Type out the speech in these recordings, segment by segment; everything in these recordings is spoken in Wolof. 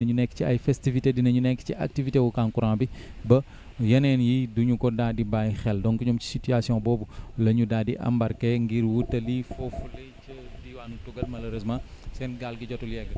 dinañu nekk ci ay festivité dinañu nekk ci activité wu Kankourang bi ba yeneen yi duñu ko daal bàyyi xel donc ñoom ci situation boobu la ñu daal di embarqué ngir wutali foofu lay ca diwaanu tugal malheureusement seen gaal gi jotul yegg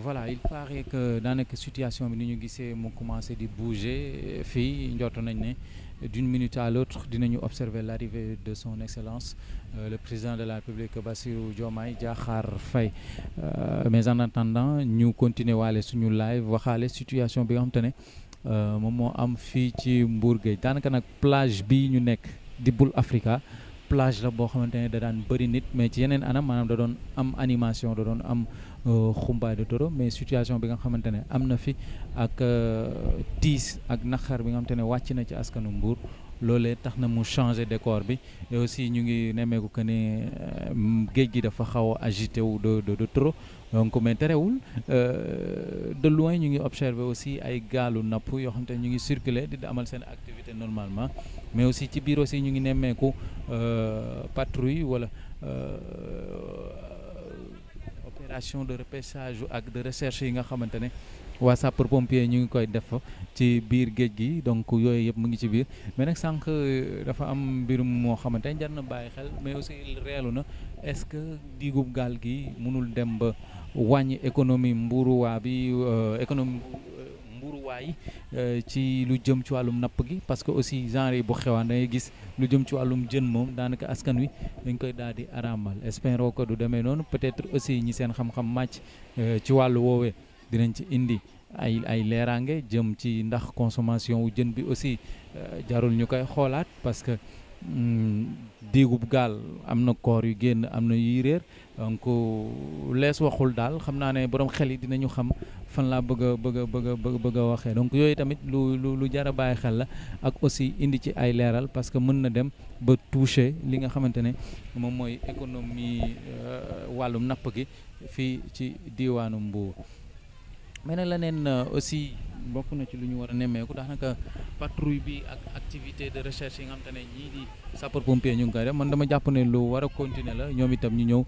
voilà il paraît que daanaka situation bi ni ñu gisee mu commencé di bouger fii njort nañ ne d'une minute à l'autre dinañu observer l'arrivée de son excellence euh, le président de la République Bassirou Diomaye Diakhar Faye euh, mais en attendant ñu continuer waale suñu live waxaale situation bi nga xam te euh, moom moo am fii ci Mbour Gueye daanaka nag plage bi ñu nekk di Boul Africa plage la boo xamante ne da daan bëri nit mais ci yeneen anam maanaam da doon am animation da doon am xumbaay de toro mais situation bi nga xamante ne am na fi ak euh, tiis ak naqar bi nga xamante ne wàcc na ci askanu mbuur loolee tax na mu changer décor bi aussi ñu ngi nemmeeku que ne euh, géej gi dafa xaw a agité wu de de donc mais terewul euh, de loin ñu ngi observer aussi ay gaalu napp yoo xam te ñu ngi circuler di amal seen activité normalement mais aussi ci biir aussi ñu ngi nemmeeku patrouille wala. opération de repêchage ak de recherche yi nga xamante ne waa sapeur pompier ñu ngi koy def ci biir géej gi donc yooyu yëpp mu ngi ci biir mais nag sànq euh, dafa am mbirum moo xamante ne jar na bàyyi xel mais aussi reelu na est-ce que diigub gaal gi mënul dem ba wàññi économie mbuuruwaa bi euh, économie état yi euh, ci lu jëm ci wàllum napp gi parce que aussi genre yi bu xewaan da ngay gis lu jëm ci wàllum jën moom daanaka askan wi dañ koy daal di araamal espérons que du demee noonu peut-être aussi ñi seen xam-xam màcc euh, ci wàllu woowee dinañ ci indi ay ay leeraange jëm ci ndax consommation jën bi aussi euh, jarul ñu koy xoolaat parce Mm, déegub gaal am na koor yu génn am na yuy réer donc lees waxul daal xam naa ne borom xel yi dinañu xam fan laa bëgg a bëgg a bëgg bëgg waxee donc yooyu tamit lu lu lu jar a bàyyi xel la ak aussi indi ci ay leeral parce que mën na dem ba toucher li nga xamante ne moom mooy économie euh, wàllum napp gi fii ci diwaanu Mbour. mais leneen euh, aussi. bokk na ci lu ñu war a nemmeeku ndax naka patrouille bi ak activité de recherche yi nga xam ne ñii di sapeur pompier ñu ngi koy def dama jàpp ne lu war a continuer la ñoom itam ñu ñëw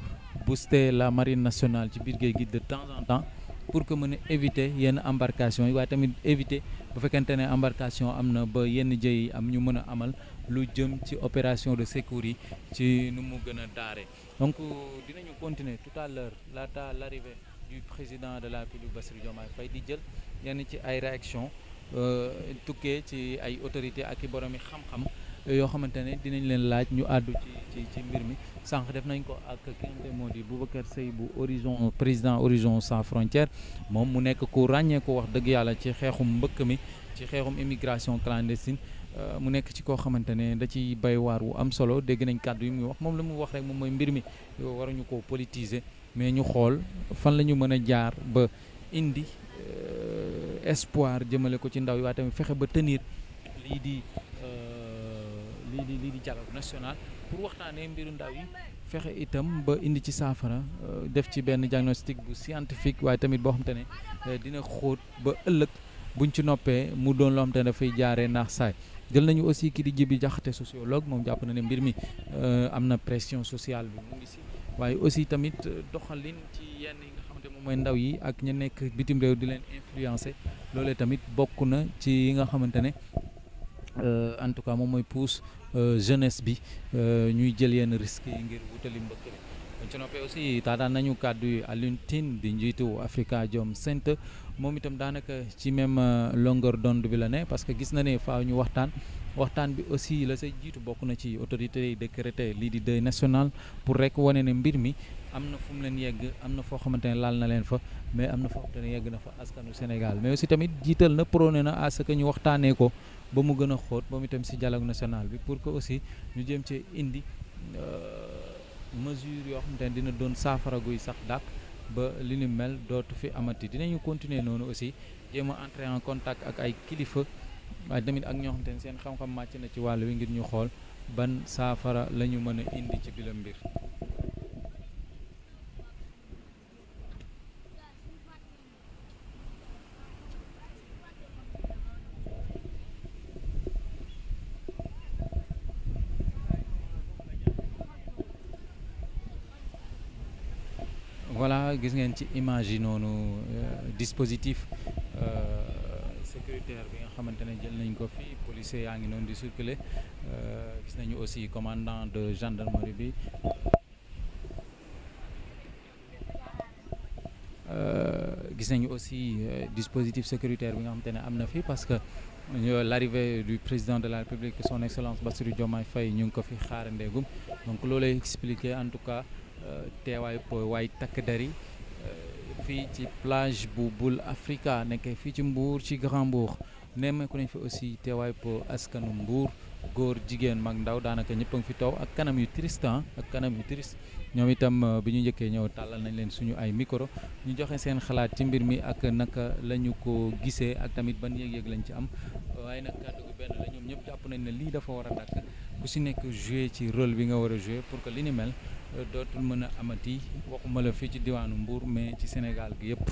booster la marine nationale ci biir géej gi de temps en temps pour que mën a éviter yenn embarcation yi waaye tamit éviter bu fekkente ne embarcation am na ba yenn jëy am ñu mën a amal lu jëm ci opération de secours yi ci nu mu gën a daare donc dinañu continuer tout à l'heure la l'arrivée du président de la République Bassirou Diomaye Faye di jël yenn ci ay réaction euh, tukkee ci ay autorité ak i boromi xam-xam euh, yoo xamante ne dinañ leen laaj ñu àddu ci ci mbir mi sànq def nañ ko ak ki nga moo di Boubacar Seye bu horizon président horizon sans frontières moom mu nekk ku ràññeeku wax dëgg yàlla ci xeexum mbëkk mi ci xeexum immigration clandestine euh, mu nekk ci koo xamante ne da ci bay waar wu am solo dégg nañ kàddu yi muy wax moom la mu wax rek moom mooy mbir mi mais ñu xool fan la ñu mën a jaar ba indi euh, espoir jëmale ko ci ndaw yi waaye tamit fexe ba tenir lii di euh, lii di lii di national pour waxtaanee mbiru ndaw yi fexe itam ba indi ci saafara euh, def ci benn diagnostic bu scientifique waaye tamit boo xam ne dina xóot ba ëllëg buñ ci noppee mu doon loo xam te dafay jaaree naax saay jël nañu aussi ki di jibi jaxate sociologue moom jàpp na ne mbir mi am na pression sociale bi waaye aussi tamit euh, doxalin ci yenn yi nga xamante moom mooy ndaw yi ak ñu nekk bitim réew di leen influencer loole tamit bokk na ci yi nga xamante ne euh, en tout cas moom mooy pousse euh, jeunesse bi ñuy jël yenn risques yi ngir wutali mbëkk bi ci noppee aussi taataan nañu kàddu yi Alioune Tine di njiitu Afrikajom Center moom itam daanaka ci même longeur d'onde bi la ne parce que gis na ne faaw ñu waxtaan waxtaan bi aussi la say jiitu bokk na ci autorités yi décrété lii di deuil national pour rek wane ne mbir mi am na fu mu leen yegg am na foo xamante ne laal na leen fa mais am na foo xamante yegg na fa askanu Sénégal mais aussi tamit jiital na prôné na à que ñu waxtaanee ko ba mu gën a xóot ba mu itam si jalag national bi pour que aussi ñu jëm ci indi euh, mesure yoo xamante ne dina doon saafara guy sax dàq ba li nu mel dootu fi amati dinañu continuer noonu aussi jéem a entrer ak ay kilifa. waaye tamit ak ñoo xamante seen xam-xam màcc na ci wàll wi ngir ñu xool ban saafara lañu ñu mën a indi ci bilam mbir voilà gis ngeen ci image yi noonu euh, dispositif euh, sécuritaire bi nga xamante ne jël nañ ko fi policier yaa ngi noonu di circuler euh, gis nañu aussi commandant de gendarmerie bi euh, gis nañu aussi euh, dispositif sécuritaire bi nga xamante ne am na fi parce que l'arrivée du président de la République son excellence Bassirou Diomaye Faye ñu ngi ko fi xaarandeegum donc loolay expliquer en tout cas teewaayu po waay takk dari fii ci plage bu bul Africa nekkee fii ci Mbour ci Grand Mbour nemmeeku nañ fi aussi teewaay pour askanu Mbour góor jigéen mag ndaw daanaka ñëpp a fi taw ak kanam yu triste ah, ak kanam yu triste ñoom itam euh, bi ñu njëkkee ñëw tàllal nañ leen suñu ay micro ñu joxe seen xalaat ci mbir mi ak naka lañu ko gisee ak tamit ban yëg-yëg lañ ci am waaye nag kàddu gu benn la ñoom ñëpp jàpp nañ ne lii dafa war a bu si nekk joué ci rôle bi nga war a joué pour que li ni mel euh, dootul mën a amati waxuma la fii ci diwaanu Mbour mais ci Sénégal gi yëpp.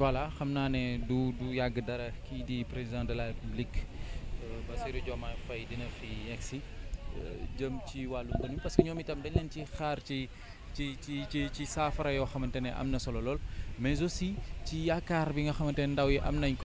voilà xam naa ne du du yàgg dara kii di président de la république euh, Bassirou Diomaye Faye dina fi yegsi euh, jëm ci wàllu mbënd mi parce que ñoom itam dañ leen ci xaar ci ci ci ci ci saafara yoo xamante ne am na solo lool mais aussi ci yaakaar bi nga xamante ndaw yi am nañ ko